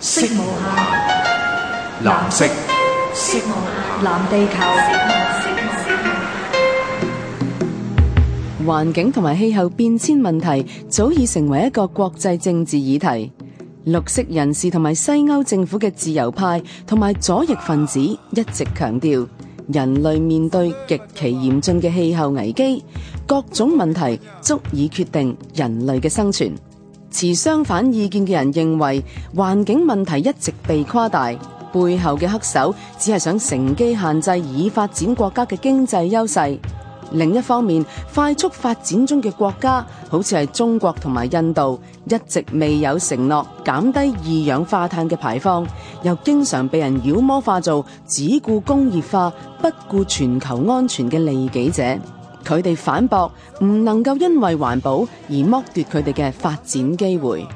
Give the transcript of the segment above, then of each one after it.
色無下，藍色，色無下，藍地球。環境同埋氣候變遷問題早已成為一個國際政治議題。綠色人士同埋西歐政府嘅自由派同埋左翼分子一直強調，人類面對極其嚴峻嘅氣候危機，各種問題足以決定人類嘅生存。持相反意見嘅人認為，環境問題一直被誇大，背後嘅黑手只係想乘機限制已發展國家嘅經濟優勢。另一方面，快速發展中嘅國家，好似係中國同埋印度，一直未有承諾減低二氧化碳嘅排放，又經常被人妖魔化做只顧工業化，不顧全球安全嘅利己者。佢哋反駁，唔能夠因為環保而剝奪佢哋嘅發展機會。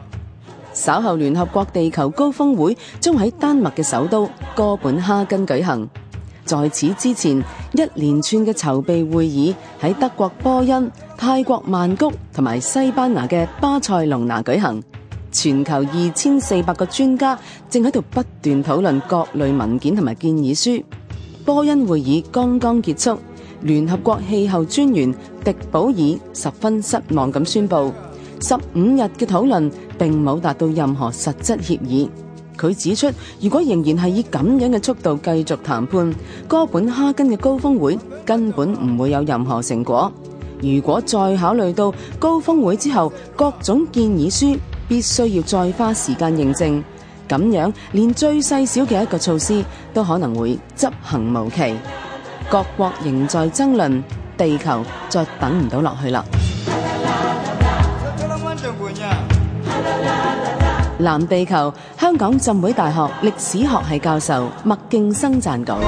稍後聯合國地球高峰會將喺丹麥嘅首都哥本哈根舉行，在此之前，一連串嘅籌備會議喺德國波恩、泰國曼谷同埋西班牙嘅巴塞隆拿舉行。全球二千四百個專家正喺度不斷討論各類文件同埋建議書。波恩會議剛剛結束，聯合國氣候專員迪保爾十分失望咁宣布，十五日嘅討論並冇達到任何實質協議。佢指出，如果仍然係以咁樣嘅速度繼續談判，哥本哈根嘅高峰會根本唔會有任何成果。如果再考慮到高峰會之後各種建議書，必須要再花時間認證。咁樣，連最細小嘅一個措施都可能會執行無期。各國仍在爭論，地球再等唔到落去啦。藍地球，香港浸會大學歷史學系教授麥勁生撰稿。